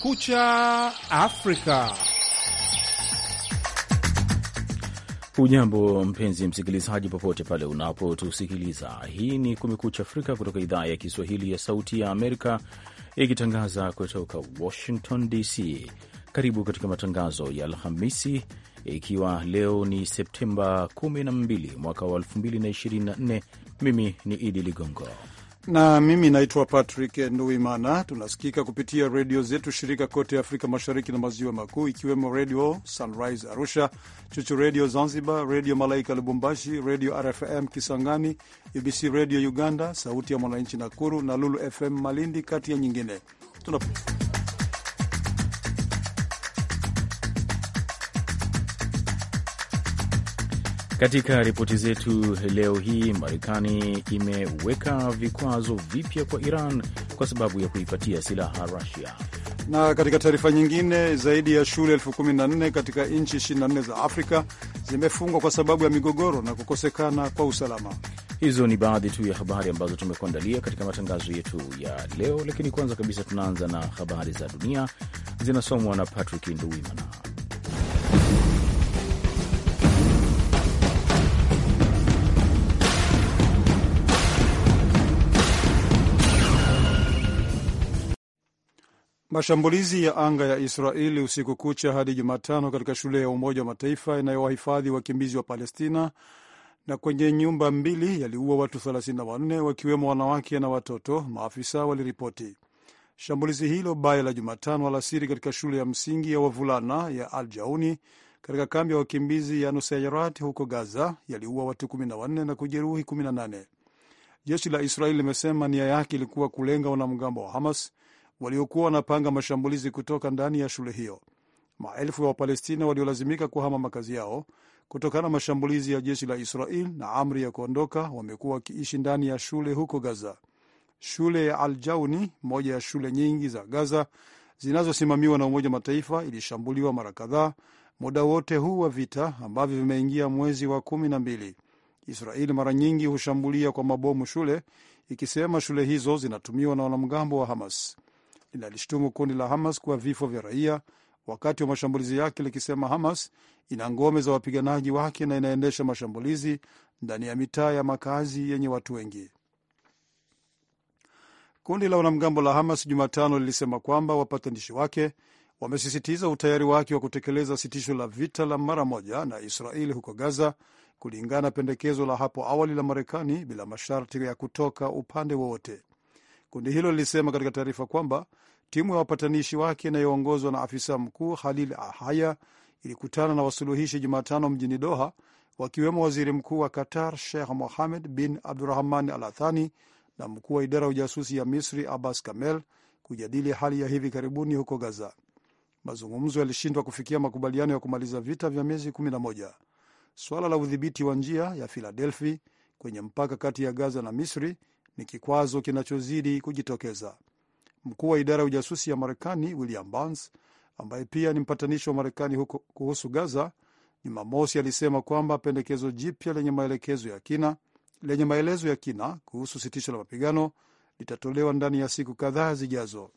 Kumekucha Afrika. Ujambo mpenzi msikilizaji, popote pale unapotusikiliza. Hii ni Kumekucha Afrika kutoka idhaa ya Kiswahili ya Sauti ya Amerika, ikitangaza kutoka Washington DC. Karibu katika matangazo ya Alhamisi, ikiwa leo ni Septemba 12 mwaka wa 2024. Mimi ni Idi Ligongo na mimi naitwa Patrick Nduimana. Tunasikika kupitia redio zetu shirika kote Afrika Mashariki na Maziwa Makuu, ikiwemo Redio Sunrise Arusha, Chuchu Redio Zanzibar, Redio Malaika Lubumbashi, Redio RFM Kisangani, UBC Redio Uganda, Sauti ya Mwananchi Nakuru na Lulu FM Malindi, kati ya nyingine Tuna... Katika ripoti zetu leo hii, Marekani imeweka vikwazo vipya kwa Iran kwa sababu ya kuipatia silaha Rusia. Na katika taarifa nyingine, zaidi ya shule elfu kumi na nne katika nchi 24 za Afrika zimefungwa kwa sababu ya migogoro na kukosekana kwa usalama. Hizo ni baadhi tu ya habari ambazo tumekuandalia katika matangazo yetu ya leo, lakini kwanza kabisa tunaanza na habari za dunia zinasomwa na Patrick Nduwimana. Mashambulizi ya anga ya Israeli usiku kucha hadi Jumatano katika shule ya Umoja wa Mataifa inayowahifadhi wakimbizi wa Palestina na kwenye nyumba mbili yaliua watu 34 wakiwemo wanawake na watoto, maafisa waliripoti. Shambulizi hilo baya la Jumatano alasiri katika shule ya msingi ya wavulana ya Al Jauni katika kambi ya wakimbizi ya Nusairat huko Gaza yaliua watu 14 na kujeruhi 18. Jeshi la Israeli limesema nia yake ilikuwa kulenga wanamgambo wa Hamas waliokuwa wanapanga mashambulizi kutoka ndani ya shule hiyo. Maelfu ya Wapalestina waliolazimika kuhama makazi yao kutokana na mashambulizi ya jeshi la Israel na amri ya kuondoka wamekuwa wakiishi ndani ya shule huko Gaza. Shule ya Al Jauni, moja ya shule nyingi za Gaza zinazosimamiwa na Umoja wa Mataifa, ilishambuliwa mara kadhaa muda wote huu wa vita ambavyo vimeingia mwezi wa kumi na mbili. Israeli mara nyingi hushambulia kwa mabomu shule, ikisema shule hizo zinatumiwa na wanamgambo wa Hamas linalishtumu kundi la Hamas kwa vifo vya raia wakati wa mashambulizi yake, likisema Hamas ina ngome za wapiganaji wake na inaendesha mashambulizi ndani ya mitaa ya makazi yenye watu wengi. Kundi la wanamgambo la Hamas Jumatano lilisema kwamba wapatanishi wake wamesisitiza utayari wake wa kutekeleza sitisho la vita la mara moja na Israeli huko Gaza, kulingana na pendekezo la hapo awali la Marekani bila masharti ya kutoka upande wowote. Kundi hilo lilisema katika taarifa kwamba timu ya wapatanishi wake inayoongozwa na afisa mkuu Khalil ahaya ilikutana na wasuluhishi Jumatano mjini Doha, wakiwemo waziri mkuu wa Qatar Sheikh Mohammed bin Abdurahman Al Athani na mkuu wa idara ya ujasusi ya Misri Abbas Kamel kujadili hali ya hivi karibuni huko Gaza. Mazungumzo yalishindwa kufikia makubaliano ya kumaliza vita vya miezi 11. Suala la udhibiti wa njia ya Filadelfi kwenye mpaka kati ya Gaza na Misri ni kikwazo kinachozidi kujitokeza. Mkuu wa idara ya ujasusi ya Marekani William Burns, ambaye pia ni mpatanishi wa Marekani huko kuhusu Gaza, Jumamosi alisema kwamba pendekezo jipya lenye maelekezo ya kina lenye maelezo ya kina kuhusu sitisho la mapigano litatolewa ndani ya siku kadhaa zijazo.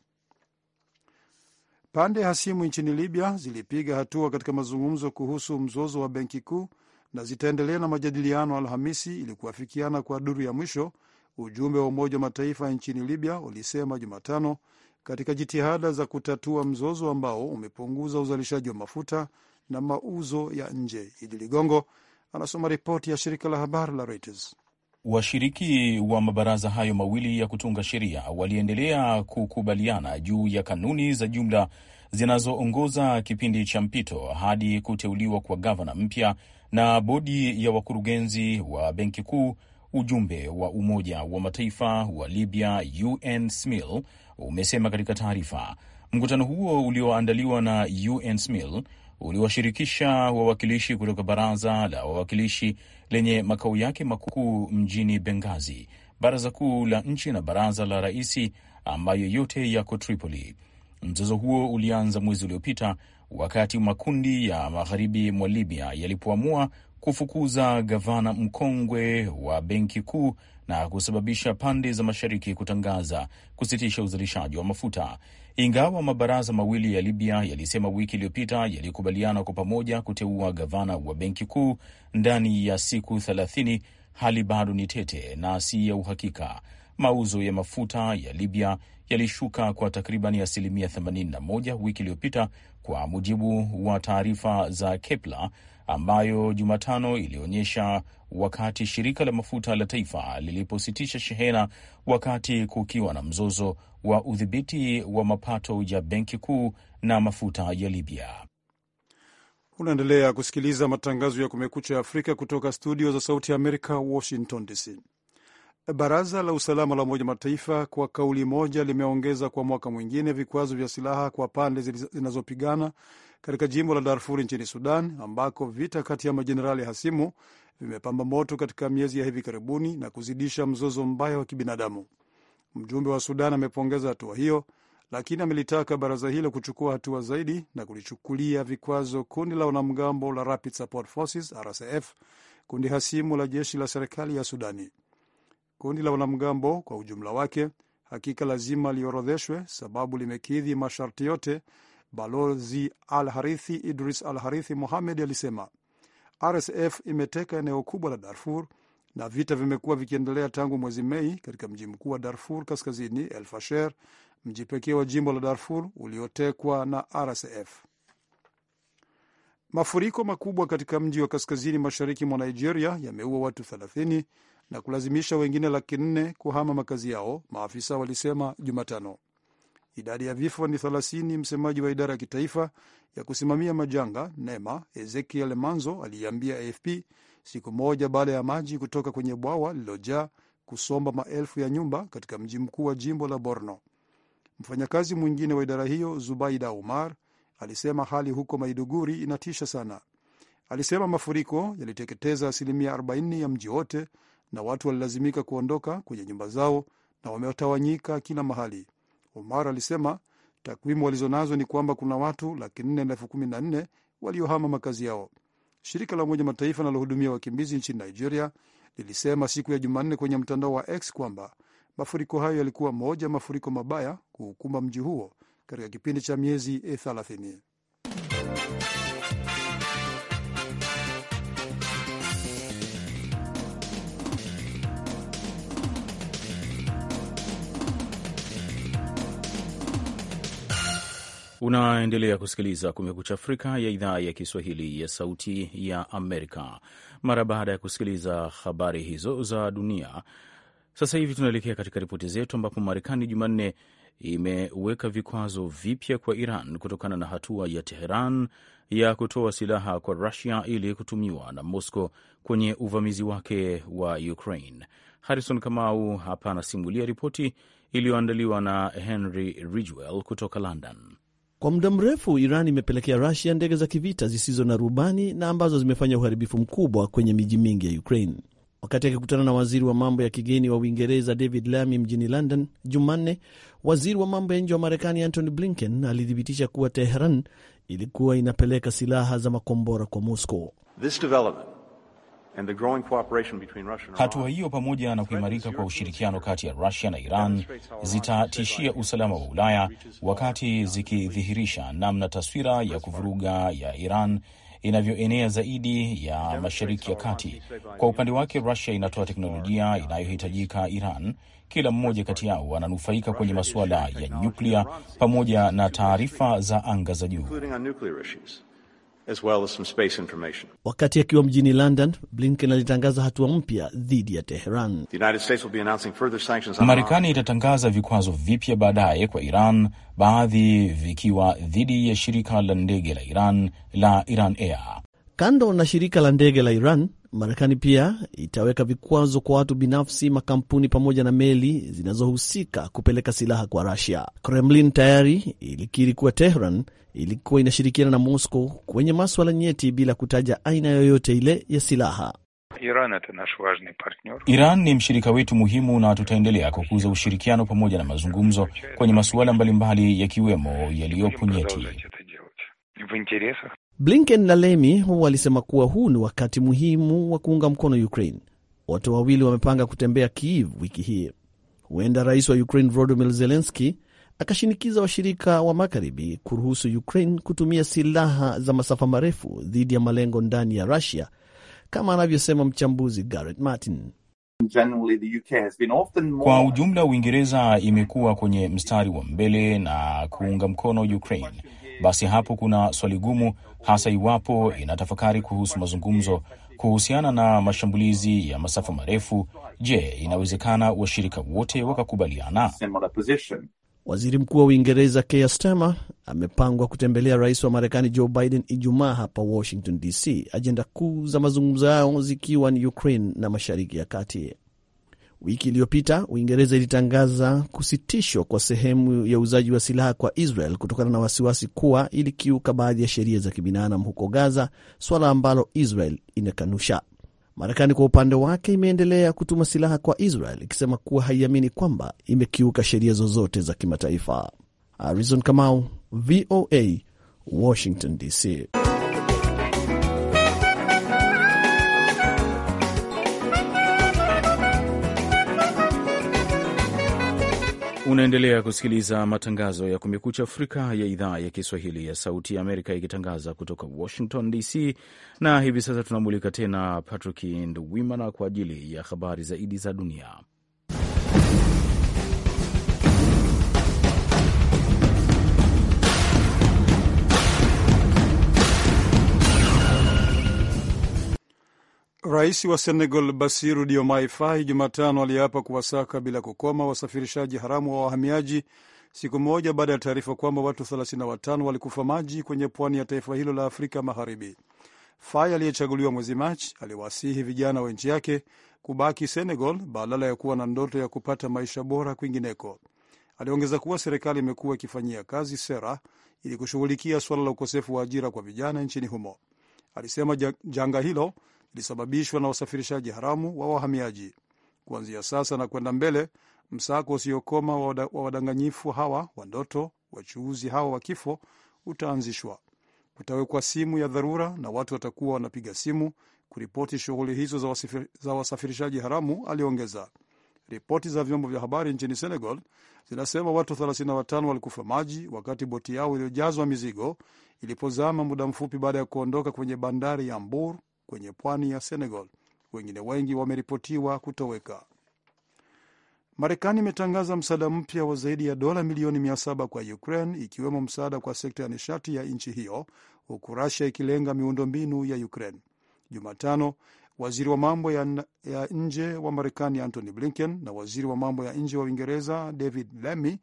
Pande hasimu nchini Libya zilipiga hatua katika mazungumzo kuhusu mzozo wa benki kuu na zitaendelea na majadiliano Alhamisi ili kuafikiana kwa duru ya mwisho Ujumbe wa Umoja wa Mataifa nchini Libya ulisema Jumatano katika jitihada za kutatua mzozo ambao umepunguza uzalishaji wa mafuta na mauzo ya nje. Idi Ligongo anasoma ripoti ya shirika la habari la Reuters. Washiriki wa mabaraza hayo mawili ya kutunga sheria waliendelea kukubaliana juu ya kanuni za jumla zinazoongoza kipindi cha mpito hadi kuteuliwa kwa gavana mpya na bodi ya wakurugenzi wa benki kuu Ujumbe wa Umoja wa Mataifa wa Libya UNSMIL umesema katika taarifa. Mkutano huo ulioandaliwa na UNSMIL uliwashirikisha wawakilishi kutoka baraza la wawakilishi lenye makao yake makuu mjini Benghazi, baraza kuu la nchi na baraza la raisi ambayo yote yako Tripoli. Mzozo huo ulianza mwezi uliopita wakati makundi ya magharibi mwa Libya yalipoamua kufukuza gavana mkongwe wa benki kuu na kusababisha pande za mashariki kutangaza kusitisha uzalishaji wa mafuta. Ingawa mabaraza mawili ya Libya yalisema wiki iliyopita yalikubaliana kwa pamoja kuteua gavana wa benki kuu ndani ya siku thelathini, hali bado ni tete na si ya uhakika. Mauzo ya mafuta ya Libya yalishuka kwa takribani asilimia 81 wiki iliyopita, kwa mujibu wa taarifa za Kepler, ambayo Jumatano ilionyesha wakati shirika la mafuta la taifa lilipositisha shehena wakati kukiwa na mzozo wa udhibiti wa mapato ya benki kuu na mafuta ya Libya. Unaendelea kusikiliza matangazo ya Kumekucha Afrika kutoka studio za Sauti ya Amerika, Washington DC. Baraza la Usalama la Umoja Mataifa kwa kauli moja limeongeza kwa mwaka mwingine vikwazo vya silaha kwa pande zinazopigana katika jimbo la Darfuri nchini Sudan, ambako vita kati ya majenerali hasimu vimepamba moto katika miezi ya hivi karibuni na kuzidisha mzozo mbaya wa kibinadamu. Mjumbe wa Sudan amepongeza hatua hiyo, lakini amelitaka baraza hilo kuchukua hatua zaidi na kulichukulia vikwazo kundi la wanamgambo la Rapid Support Forces, RSF, kundi hasimu la jeshi la serikali ya Sudani. Kundi la wanamgambo kwa ujumla wake hakika lazima liorodheshwe, sababu limekidhi masharti yote Balozi Al Harithi Idris Al Harithi muhamed alisema RSF imeteka eneo kubwa la Darfur na vita vimekuwa vikiendelea tangu mwezi Mei katika mji mkuu wa Darfur Kaskazini, El Fasher, mji pekee wa jimbo la Darfur uliotekwa na RSF. Mafuriko makubwa katika mji wa kaskazini mashariki mwa Nigeria yameua watu 30 na kulazimisha wengine laki nne kuhama makazi yao, maafisa walisema Jumatano. Idadi ya vifo ni thelathini. Msemaji wa idara ya kitaifa ya kusimamia majanga NEMA, Ezekiel Manzo, aliiambia AFP siku moja baada ya maji kutoka kwenye bwawa lililojaa kusomba maelfu ya nyumba katika mji mkuu wa jimbo la Borno. Mfanyakazi mwingine wa idara hiyo Zubaida Umar alisema hali huko Maiduguri inatisha sana. Alisema mafuriko yaliteketeza asilimia 40 ya mji wote na watu walilazimika kuondoka kwenye nyumba zao na wametawanyika kila mahali. Omar alisema takwimu walizonazo ni kwamba kuna watu laki nne na elfu kumi na nne waliohama makazi yao. Shirika la Umoja Mataifa linalohudumia wakimbizi nchini Nigeria lilisema siku ya Jumanne kwenye mtandao wa X kwamba mafuriko hayo yalikuwa moja mafuriko mabaya kuukumba mji huo katika kipindi cha miezi 30. Unaendelea kusikiliza Kumekucha Afrika ya idhaa ya Kiswahili ya Sauti ya Amerika. Mara baada ya kusikiliza habari hizo za dunia, sasa hivi tunaelekea katika ripoti zetu, ambapo Marekani Jumanne imeweka vikwazo vipya kwa Iran kutokana na hatua ya Teheran ya kutoa silaha kwa Rusia ili kutumiwa na Moscow kwenye uvamizi wake wa Ukraine. Harrison Kamau hapa anasimulia ripoti iliyoandaliwa na Henry Ridgwell kutoka London. Kwa muda mrefu Iran imepelekea Rusia ndege za kivita zisizo na rubani na ambazo zimefanya uharibifu mkubwa kwenye miji mingi ya Ukraine. Wakati akikutana na waziri wa mambo ya kigeni wa Uingereza David Lammy mjini London Jumanne, waziri wa mambo ya nje wa Marekani Antony Blinken alithibitisha kuwa Teheran ilikuwa inapeleka silaha za makombora kwa Moscow. This development Hatua hiyo pamoja na kuimarika kwa ushirikiano kati ya Rusia na Iran zitatishia usalama wa Ulaya wakati zikidhihirisha namna taswira ya kuvuruga ya Iran inavyoenea zaidi ya Mashariki ya Kati. Kwa upande wake, Rusia inatoa teknolojia inayohitajika Iran. Kila mmoja kati yao wananufaika kwenye masuala ya nyuklia pamoja na taarifa za anga za juu as well as some space information. Wakati akiwa mjini London, Blinken alitangaza hatua mpya dhidi ya Teheran. Marekani itatangaza vikwazo vipya baadaye kwa Iran, baadhi vikiwa dhidi ya shirika la ndege la Iran la Iran Air. Kando na shirika la ndege la Iran, Marekani pia itaweka vikwazo kwa watu binafsi, makampuni pamoja na meli zinazohusika kupeleka silaha kwa Rusia. Kremlin tayari ilikiri kuwa Tehran ilikuwa inashirikiana na Moscow kwenye maswala nyeti bila kutaja aina yoyote ile ya silaha. Iran ni mshirika wetu muhimu na tutaendelea kukuza ushirikiano pamoja na mazungumzo kwenye masuala mbalimbali yakiwemo yaliyopo nyeti. Blinken na Lemi walisema kuwa huu ni wakati muhimu wa kuunga mkono Ukraine. Wote wawili wamepanga kutembea Kiev wiki hii. Huenda rais wa Ukraine Volodymyr zelenski akashinikiza washirika wa magharibi kuruhusu Ukraine kutumia silaha za masafa marefu dhidi ya malengo ndani ya Russia, kama anavyosema mchambuzi Garrett Martin. Kwa ujumla, Uingereza imekuwa kwenye mstari wa mbele na kuunga mkono Ukraine basi hapo kuna swali gumu, hasa iwapo inatafakari kuhusu mazungumzo kuhusiana na mashambulizi ya masafa marefu. Je, inawezekana washirika wote wakakubaliana? Waziri Mkuu wa Uingereza Keir Starmer amepangwa kutembelea rais wa Marekani Joe Biden Ijumaa hapa Washington DC, ajenda kuu za mazungumzo yao zikiwa ni Ukraine na Mashariki ya Kati. Wiki iliyopita Uingereza ilitangaza kusitishwa kwa sehemu ya uuzaji wa silaha kwa Israel kutokana na wasiwasi kuwa ilikiuka baadhi ya sheria za kibinadamu huko Gaza, suala ambalo Israel inakanusha. Marekani kwa upande wake imeendelea kutuma silaha kwa Israel ikisema kuwa haiamini kwamba imekiuka sheria zozote za kimataifa. Arizon Kamau, VOA, Washington DC. Unaendelea kusikiliza matangazo ya Kumekucha Afrika ya idhaa ya Kiswahili ya Sauti ya Amerika ikitangaza kutoka Washington DC, na hivi sasa tunamulika tena Patrick Nduwimana kwa ajili ya habari zaidi za dunia. Rais wa Senegal Basiru Diomaye Faye Jumatano aliapa kuwasaka bila kukoma wasafirishaji haramu wa wahamiaji siku moja baada ya taarifa kwamba watu 35 walikufa maji kwenye pwani ya taifa hilo la Afrika Magharibi. Faye aliyechaguliwa mwezi Machi aliwasihi vijana wa nchi yake kubaki Senegal badala ya kuwa na ndoto ya kupata maisha bora kwingineko. Aliongeza kuwa serikali imekuwa ikifanyia kazi sera ili kushughulikia suala la ukosefu wa ajira kwa vijana nchini humo. Alisema janga hilo ilisababishwa na usafirishaji haramu wa wahamiaji. Kuanzia sasa na kwenda mbele, msako usiokoma wa wadanganyifu hawa wa ndoto, wachuuzi hawa wa kifo, utaanzishwa. Kutawekwa simu ya dharura na watu watakuwa wanapiga simu kuripoti shughuli hizo za wasifir, za wasafirishaji haramu, aliongeza. Ripoti za vyombo vya habari nchini Senegal zinasema watu 35 walikufa maji wakati boti yao iliyojazwa mizigo ilipozama muda mfupi baada ya kuondoka kwenye bandari ya Mbour kwenye pwani ya Senegal. Wengine wengi wameripotiwa kutoweka. Marekani imetangaza msaada mpya wa zaidi ya dola milioni mia saba kwa Ukraine, ikiwemo msaada kwa sekta ya nishati ya nchi hiyo, huku Russia ikilenga miundombinu ya Ukraine. Jumatano, waziri wa mambo ya, ya nje wa Marekani Antony Blinken na waziri wa mambo ya nje wa Uingereza David Lammy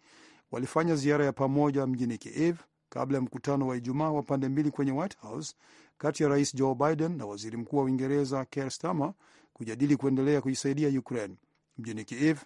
walifanya ziara ya pamoja mjini Kiev kabla ya mkutano wa Ijumaa wa pande mbili kwenye White House kati ya rais Joe Biden na waziri mkuu wa Uingereza Keir Starmer kujadili kuendelea kuisaidia Ukraine. Mjini Kiev,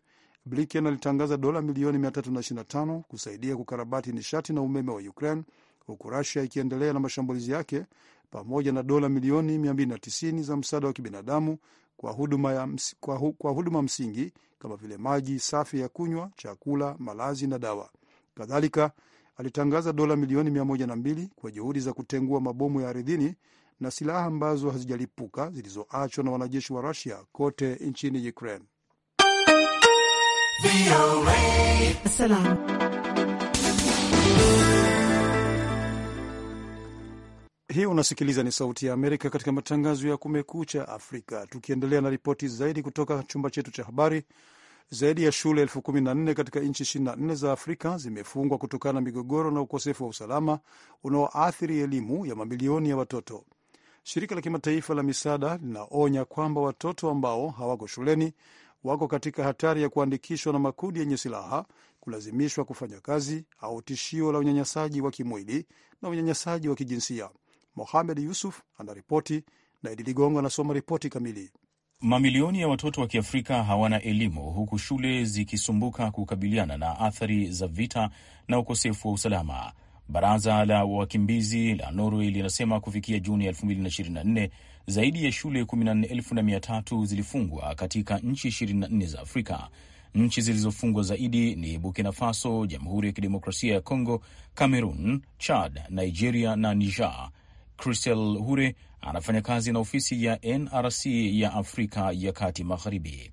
Blinken alitangaza dola milioni 325 kusaidia kukarabati nishati na umeme wa Ukraine, huku Rusia ikiendelea na mashambulizi yake, pamoja na dola milioni 290 za msaada wa kibinadamu kwa huduma, ya ms kwa hu kwa huduma msingi kama vile maji safi ya kunywa, chakula, malazi na dawa. Kadhalika, alitangaza dola milioni 102 kwa juhudi za kutengua mabomu ya ardhini na silaha ambazo hazijalipuka zilizoachwa na wanajeshi wa Rusia kote nchini Ukraine. Hii unasikiliza ni Sauti ya Amerika katika matangazo ya Kumekucha Afrika, tukiendelea na ripoti zaidi kutoka chumba chetu cha habari. Zaidi ya shule elfu kumi na nne katika nchi 24 za Afrika zimefungwa kutokana na migogoro na ukosefu wa usalama unaoathiri elimu ya mamilioni ya watoto. Shirika la kimataifa la misaada linaonya kwamba watoto ambao hawako shuleni wako katika hatari ya kuandikishwa na makundi yenye silaha, kulazimishwa kufanya kazi, au tishio la unyanyasaji wa kimwili na unyanyasaji wa kijinsia. Mohamed Yusuf anaripoti na Idi Ligongo anasoma ripoti kamili. Mamilioni ya watoto wa Kiafrika hawana elimu huku shule zikisumbuka kukabiliana na athari za vita na ukosefu wa usalama. Baraza la Wakimbizi la Norway linasema kufikia Juni 2024 zaidi ya shule 14,300 zilifungwa katika nchi 24 za Afrika. Nchi zilizofungwa zaidi ni Burkina Faso, Jamhuri ya Kidemokrasia ya Kongo, Cameroon, Chad, Nigeria na Niger. Christel Hure anafanya kazi na ofisi ya NRC ya Afrika ya Kati Magharibi.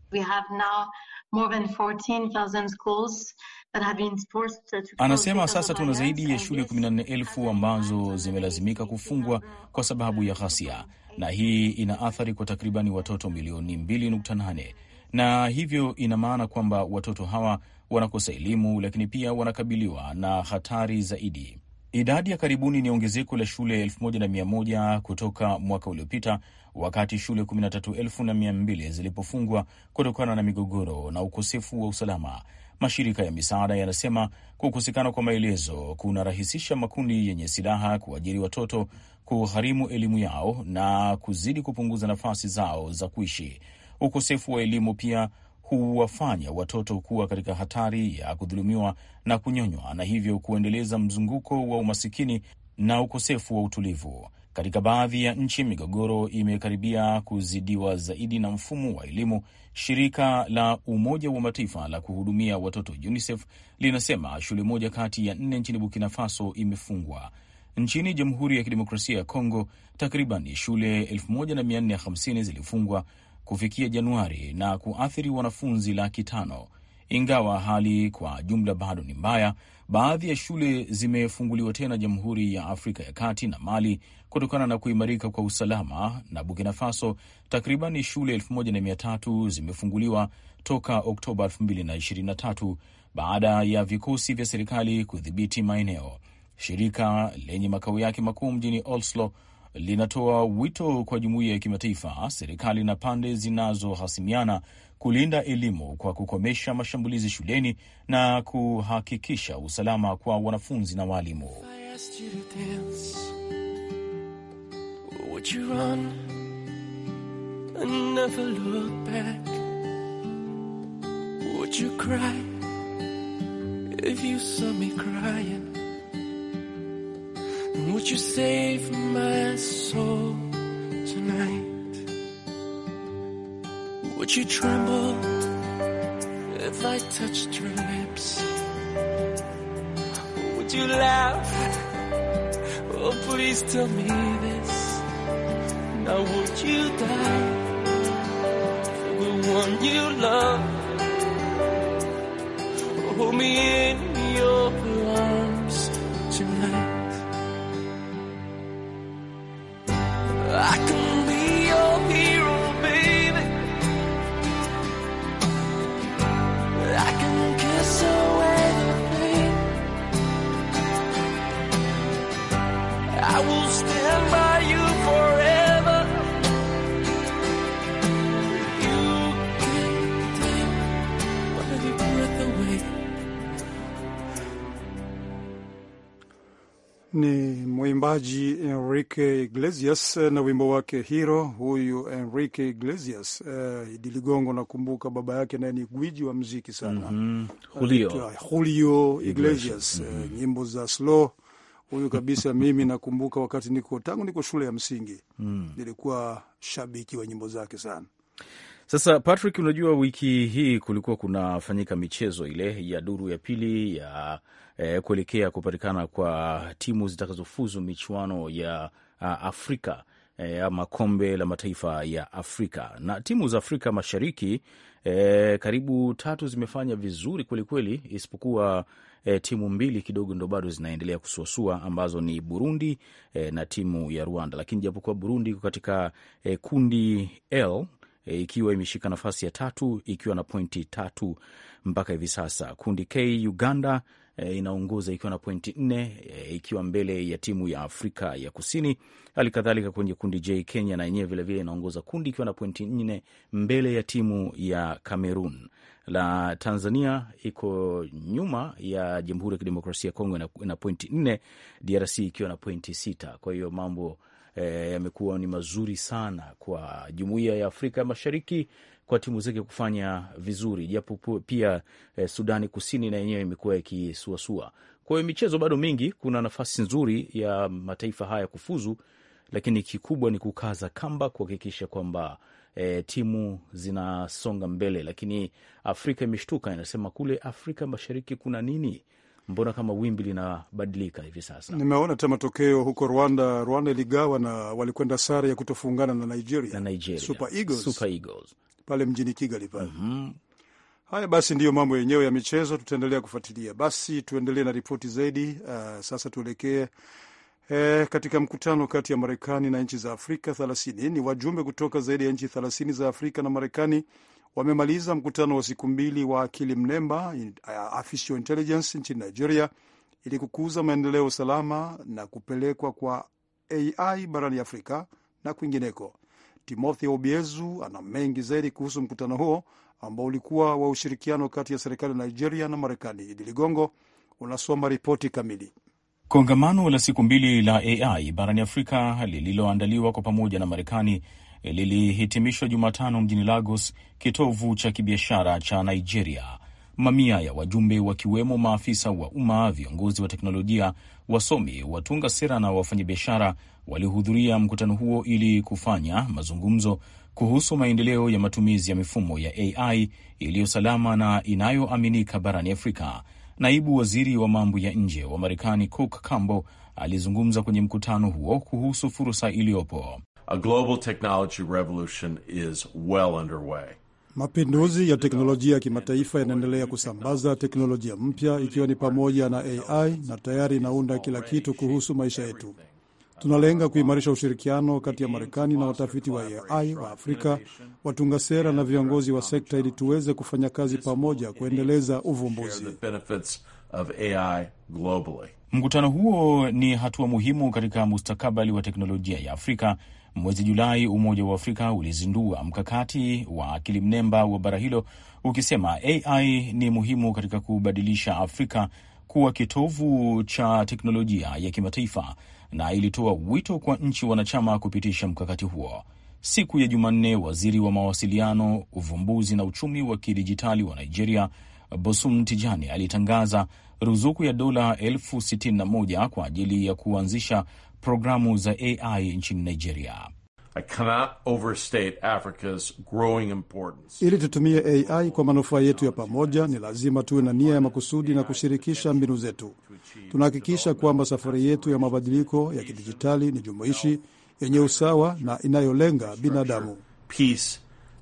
Anasema sasa tuna zaidi ya shule 14 elfu ambazo zimelazimika kufungwa kwa sababu ya ghasia, na hii ina athari kwa takribani watoto milioni 2.8 na hivyo ina maana kwamba watoto hawa wanakosa elimu, lakini pia wanakabiliwa na hatari zaidi. Idadi ya karibuni ni ongezeko la shule 1100 kutoka mwaka uliopita, wakati shule 13200 zilipofungwa kutokana na migogoro na ukosefu wa usalama. Mashirika ya misaada yanasema kukosekana kwa maelezo kunarahisisha makundi yenye silaha kuajiri watoto, kuharimu elimu yao na kuzidi kupunguza nafasi zao za kuishi. Ukosefu wa elimu pia huwafanya watoto kuwa katika hatari ya kudhulumiwa na kunyonywa na hivyo kuendeleza mzunguko wa umasikini na ukosefu wa utulivu. Katika baadhi ya nchi, migogoro imekaribia kuzidiwa zaidi na mfumo wa elimu. Shirika la Umoja wa Mataifa la kuhudumia watoto UNICEF linasema shule moja kati ya nne nchini Burkina Faso imefungwa. Nchini Jamhuri ya Kidemokrasia ya Kongo, takriban shule 1450 zilifungwa kufikia Januari na kuathiri wanafunzi laki tano. Ingawa hali kwa jumla bado ni mbaya, baadhi ya shule zimefunguliwa tena Jamhuri ya Afrika ya Kati na Mali kutokana na kuimarika kwa usalama, na Burkina Faso takriban shule 1300 zimefunguliwa toka Oktoba 2023 baada ya vikosi vya serikali kudhibiti maeneo. Shirika lenye makao yake makuu mjini Oslo linatoa wito kwa jumuiya ya kimataifa, serikali na pande zinazohasimiana kulinda elimu kwa kukomesha mashambulizi shuleni na kuhakikisha usalama kwa wanafunzi na waalimu. if you saw me crying? Would you save my soul tonight? Would you tremble if I touched your lips? Would you laugh? Oh, please tell me this. Now, would you die for the one you love? Hold me in. mwimbaji Enrique Iglesias eh, na wimbo wake Hero. Huyu Enrique Iglesias eh, Idi Ligongo, nakumbuka baba yake naye ni gwiji wa mziki sana mm -hmm. Julio, uh, Julio Iglesias mm -hmm. uh, nyimbo za slow huyu kabisa. Mimi nakumbuka wakati niko tangu niko shule ya msingi mm. nilikuwa shabiki wa nyimbo zake sana. Sasa Patrick, unajua wiki hii kulikuwa kunafanyika michezo ile ya duru ya pili ya eh, kuelekea kupatikana kwa timu zitakazofuzu michuano ya uh, Afrika eh, ama kombe la mataifa ya Afrika na timu za Afrika Mashariki e, karibu tatu zimefanya vizuri kwelikweli, isipokuwa e, timu mbili kidogo ndo bado zinaendelea kusuasua ambazo ni Burundi e, na timu ya Rwanda, lakini japokuwa Burundi iko katika e, kundi L E, ikiwa imeshika nafasi ya tatu ikiwa na pointi tatu mpaka hivi sasa. Kundi K Uganda e, inaongoza ikiwa na pointi nne e, ikiwa mbele ya timu ya Afrika ya Kusini. Hali kadhalika kwenye kundi J, Kenya na yenyewe vilevile inaongoza kundi ikiwa na pointi nne mbele ya timu ya Cameroon. La Tanzania iko nyuma ya Jamhuri ya Kidemokrasia ya Kongo na, pointi nne, DRC ikiwa na pointi sita. Kwa hiyo mambo e, yamekuwa ni mazuri sana kwa Jumuiya ya Afrika Mashariki kwa timu zake kufanya vizuri, japo pia eh, Sudani Kusini na yenyewe imekuwa ikisuasua. Kwa hiyo michezo bado mingi, kuna nafasi nzuri ya mataifa haya kufuzu, lakini kikubwa ni kukaza kamba, kuhakikisha kwamba E, timu zinasonga mbele, lakini Afrika imeshtuka, inasema kule Afrika Mashariki kuna nini? Mbona kama wimbi linabadilika hivi sasa? Nimeona hata matokeo huko Rwanda, Rwanda iligawa na walikwenda sare ya kutofungana na Nigeria, na Nigeria. Super Eagles. Super Eagles pale mjini Kigali pale. mm -hmm. Haya basi, ndiyo mambo yenyewe ya michezo, tutaendelea kufuatilia. Basi tuendelee na ripoti zaidi. Uh, sasa tuelekee eh, katika mkutano kati ya Marekani na nchi za Afrika thelathini. ni wajumbe kutoka zaidi ya nchi thelathini za Afrika na Marekani wamemaliza mkutano wa siku mbili wa akili mnemba ah, artificial intelligence nchini Nigeria ili kukuza maendeleo salama na kupelekwa kwa AI barani Afrika na kwingineko. Timothy Obiezu ana mengi zaidi kuhusu mkutano huo ambao ulikuwa wa ushirikiano kati ya serikali ya Nigeria na Marekani. Idi Ligongo unasoma ripoti kamili. Kongamano la siku mbili la AI barani Afrika lililoandaliwa kwa pamoja na Marekani lilihitimishwa Jumatano mjini Lagos, kitovu cha kibiashara cha Nigeria. Mamia ya wajumbe wakiwemo maafisa wa umma, viongozi wa teknolojia, wasomi, watunga sera na wafanyabiashara walihudhuria mkutano huo ili kufanya mazungumzo kuhusu maendeleo ya matumizi ya mifumo ya AI iliyo salama na inayoaminika barani Afrika. Naibu waziri wa mambo ya nje wa Marekani Cook Cambo alizungumza kwenye mkutano huo kuhusu fursa iliyopo. A global technology revolution is well underway. Mapinduzi ya teknolojia ya kimataifa yanaendelea kusambaza teknolojia mpya ikiwa ni pamoja na AI na tayari inaunda kila kitu kuhusu maisha yetu. Tunalenga kuimarisha ushirikiano kati ya Marekani na watafiti wa AI wa Afrika, watunga sera na viongozi wa sekta ili tuweze kufanya kazi pamoja kuendeleza uvumbuzi. Mkutano huo ni hatua muhimu katika mustakabali wa teknolojia ya Afrika Mwezi Julai, Umoja wa Afrika ulizindua mkakati wa akili mnemba wa bara hilo ukisema AI ni muhimu katika kubadilisha Afrika kuwa kitovu cha teknolojia ya kimataifa, na ilitoa wito kwa nchi wanachama kupitisha mkakati huo. Siku ya Jumanne, waziri wa mawasiliano, uvumbuzi na uchumi wa kidijitali wa Nigeria, Bosum Tijani, alitangaza ruzuku ya dola elfu sitini na moja kwa ajili ya kuanzisha programu za AI nchini Nigeria. Ili tutumie AI kwa manufaa yetu ya pamoja, ni lazima tuwe na nia ya makusudi na kushirikisha mbinu zetu. Tunahakikisha kwamba safari yetu ya mabadiliko ya kidijitali ni jumuishi, yenye usawa na inayolenga binadamu, peace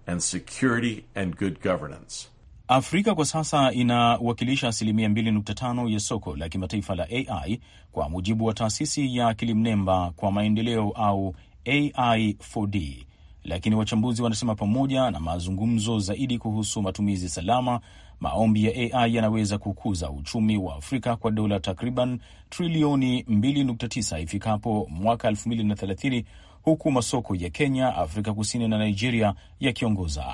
and security and good governance. Afrika kwa sasa inawakilisha asilimia 2.5 ya soko la kimataifa la AI kwa mujibu wa taasisi ya Kilimnemba kwa maendeleo au AI4D, lakini wachambuzi wanasema pamoja na mazungumzo zaidi kuhusu matumizi salama, maombi ya AI yanaweza kukuza uchumi wa Afrika kwa dola takriban trilioni 2.9 ifikapo mwaka 2030, huku masoko ya Kenya, Afrika Kusini na Nigeria yakiongoza.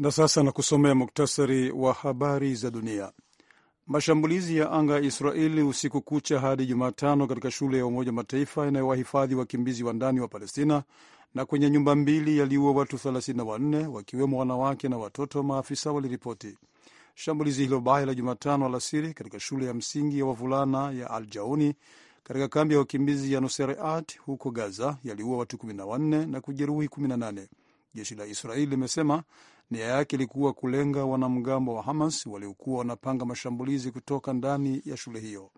Na sasa na kusomea muktasari wa habari za dunia. Mashambulizi ya anga ya Israeli usiku kucha hadi Jumatano katika shule ya Umoja Mataifa inayowahifadhi wakimbizi wa ndani wa Palestina na kwenye nyumba mbili yaliua watu 34 wakiwemo wanawake na watoto, maafisa waliripoti. Shambulizi hilo baya la Jumatano alasiri katika shule ya msingi ya wavulana ya Al Jauni katika kambi ya wakimbizi ya Nosereat huko Gaza yaliua watu 14 na kujeruhi 18, jeshi la Israeli limesema Nia yake ilikuwa kulenga wanamgambo wa Hamas waliokuwa wanapanga mashambulizi kutoka ndani ya shule hiyo.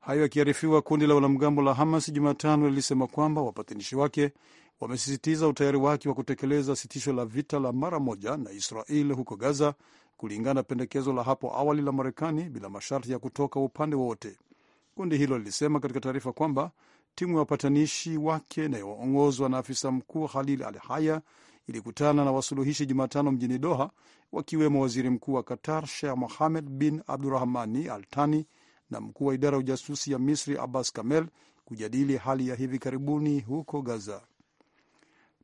Hayo yakiarifiwa, kundi la wanamgambo la Hamas Jumatano lilisema kwamba wapatanishi wake wamesisitiza utayari wake wa kutekeleza sitisho la vita la mara moja na Israel huko Gaza, kulingana na pendekezo la hapo awali la Marekani bila masharti ya kutoka upande wowote. Kundi hilo lilisema katika taarifa kwamba timu ya wapatanishi wake inayoongozwa na afisa mkuu Khalil Al Haya ilikutana na wasuluhishi Jumatano mjini Doha, wakiwemo waziri mkuu wa Qatar Sheikh Mohammed bin Abdurahmani Al Thani na mkuu wa idara ya ujasusi ya Misri Abbas Kamel kujadili hali ya hivi karibuni huko Gaza.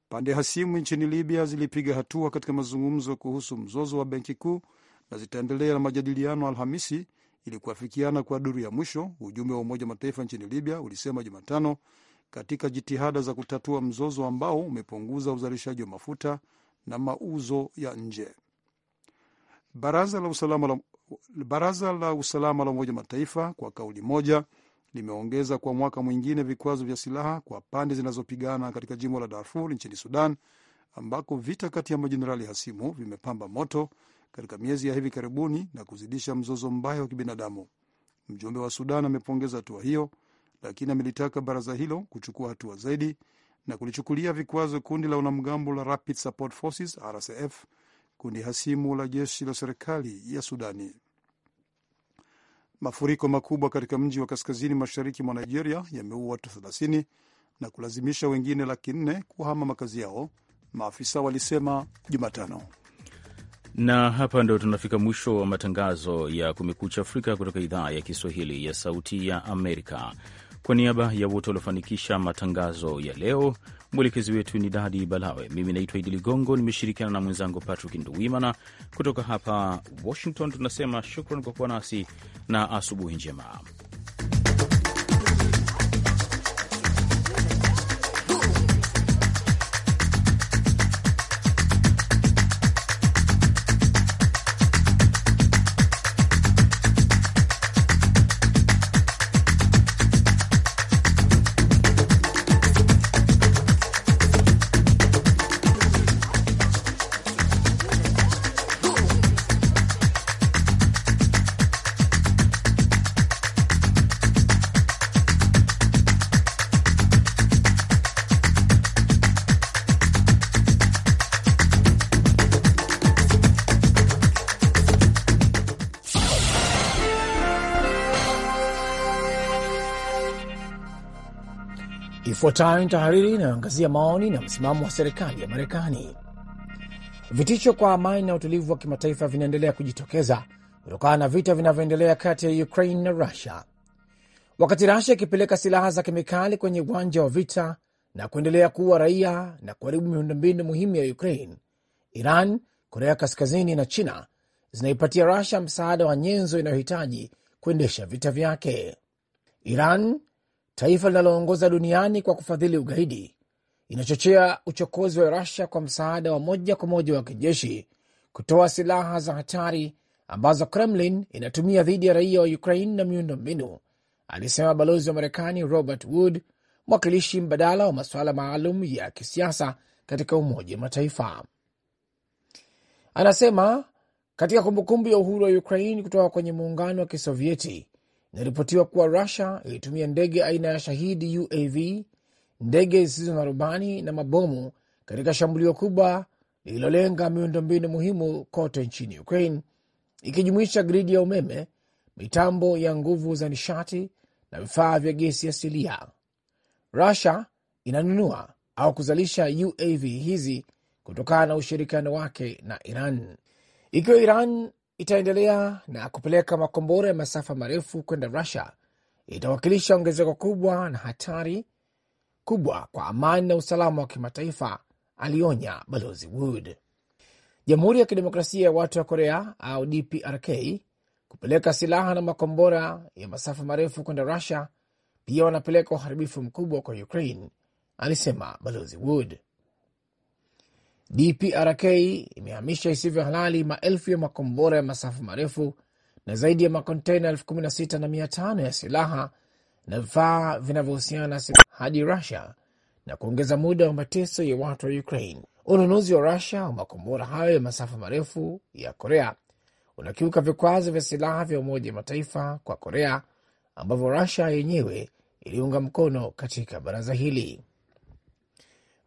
Pande hasimu nchini Libya zilipiga hatua katika mazungumzo kuhusu mzozo wa benki kuu na zitaendelea na majadiliano Alhamisi ili kuafikiana kwa duru ya mwisho, ujumbe wa Umoja Mataifa nchini Libya ulisema Jumatano, katika jitihada za kutatua mzozo ambao umepunguza uzalishaji wa mafuta na mauzo ya nje. Baraza la usalama la, Baraza la usalama la Umoja Mataifa kwa kauli moja limeongeza kwa mwaka mwingine vikwazo vya silaha kwa pande zinazopigana katika jimbo la Darfur nchini Sudan, ambako vita kati ya majenerali hasimu vimepamba moto katika miezi ya hivi karibuni na kuzidisha mzozo mbaya wa kibinadamu. Mjumbe wa Sudan amepongeza hatua hiyo lakini amelitaka baraza hilo kuchukua hatua zaidi na kulichukulia vikwazo kundi la wanamgambo la Rapid Support Forces RSF, kundi hasimu la jeshi la serikali ya Sudani. Mafuriko makubwa katika mji wa kaskazini mashariki mwa Nigeria yameua watu 30 na kulazimisha wengine laki nne kuhama makazi yao, maafisa walisema Jumatano. Na hapa ndo tunafika mwisho wa matangazo ya Kumekucha Afrika kutoka idhaa ya Kiswahili ya Sauti ya Amerika. Kwa niaba ya wote waliofanikisha matangazo ya leo, mwelekezi wetu ni Dadi Balawe. Mimi naitwa Idi Ligongo, nimeshirikiana na mwenzangu Patrick Nduwimana kutoka hapa Washington. Tunasema shukran kwa kuwa nasi na asubuhi njema. Ifuatayo ni tahariri inayoangazia maoni na msimamo wa serikali ya Marekani. Vitisho kwa amani na utulivu wa kimataifa vinaendelea kujitokeza kutokana na vita vinavyoendelea kati ya Ukraine na Rusia. Wakati Rusia ikipeleka silaha za kemikali kwenye uwanja wa vita na kuendelea kuua raia na kuharibu miundombinu muhimu ya Ukraine, Iran, Korea Kaskazini na China zinaipatia Rusia msaada wa nyenzo inayohitaji kuendesha vita vyake. Iran taifa linaloongoza duniani kwa kufadhili ugaidi, inachochea uchokozi wa Rusia kwa msaada wa moja kwa moja wa kijeshi, kutoa silaha za hatari ambazo Kremlin inatumia dhidi ya raia wa Ukraine na miundo mbinu, alisema balozi wa Marekani Robert Wood, mwakilishi mbadala wa masuala maalum ya kisiasa katika Umoja wa Mataifa. Anasema katika kumbukumbu ya uhuru wa Ukraine kutoka kwenye muungano wa Kisovieti, Inaripotiwa kuwa Rusia ilitumia ndege aina ya Shahidi UAV, ndege zisizo na rubani na mabomu katika shambulio kubwa lililolenga miundombinu muhimu kote nchini Ukraine, ikijumuisha gridi ya umeme, mitambo ya nguvu za nishati na vifaa vya gesi asilia. Rusia inanunua au kuzalisha UAV hizi kutokana na ushirikiano wake na Iran. Ikiwa Iran itaendelea na kupeleka makombora ya masafa marefu kwenda Rusia itawakilisha ongezeko kubwa na hatari kubwa kwa amani na usalama wa kimataifa, alionya Balozi Wood. Jamhuri ya Kidemokrasia ya Watu wa Korea au DPRK kupeleka silaha na makombora ya masafa marefu kwenda Rusia, pia wanapeleka uharibifu mkubwa kwa Ukraine, alisema Balozi Wood. DPRK imehamisha isivyo halali maelfu ya makombora ya masafa marefu na zaidi ya makontena elfu kumi na sita na mia tano ya silaha na vifaa vinavyohusiana na silaha hadi Rusia na kuongeza muda wa mateso ya watu wa Ukraine. Ununuzi wa Rusia wa makombora hayo ya masafa marefu ya Korea unakiuka vikwazo vya silaha vya Umoja wa Mataifa kwa Korea ambavyo Rusia yenyewe iliunga mkono katika baraza hili.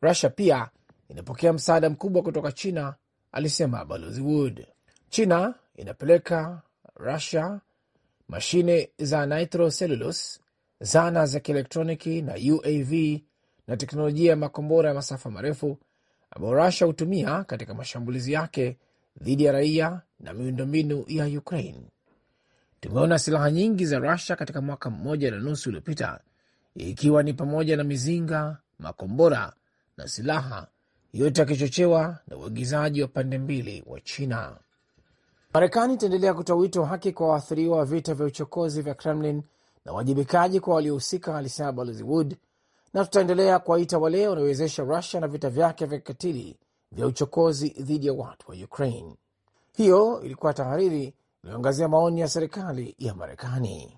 Rusia pia inapokea msaada mkubwa kutoka China, alisema Balozi Wood. China inapeleka Rusia mashine za nitroselulose, zana za kielektroniki na UAV na teknolojia ya makombora ya masafa marefu ambayo Rusia hutumia katika mashambulizi yake dhidi ya raia na miundombinu ya Ukraine. Tumeona silaha nyingi za Rusia katika mwaka mmoja na nusu uliopita, ikiwa ni pamoja na mizinga, makombora na silaha yote yakichochewa na uagizaji wa pande mbili wa China. Marekani itaendelea kutoa wito wa haki kwa waathiriwa wa vita vya uchokozi vya Kremlin na uwajibikaji kwa waliohusika, alisema balozi Wood, na tutaendelea kuwaita wale wanaowezesha Rusia na vita vyake vya kikatili vya uchokozi dhidi ya watu wa Ukraine. Hiyo ilikuwa tahariri iliyoangazia maoni ya serikali ya Marekani.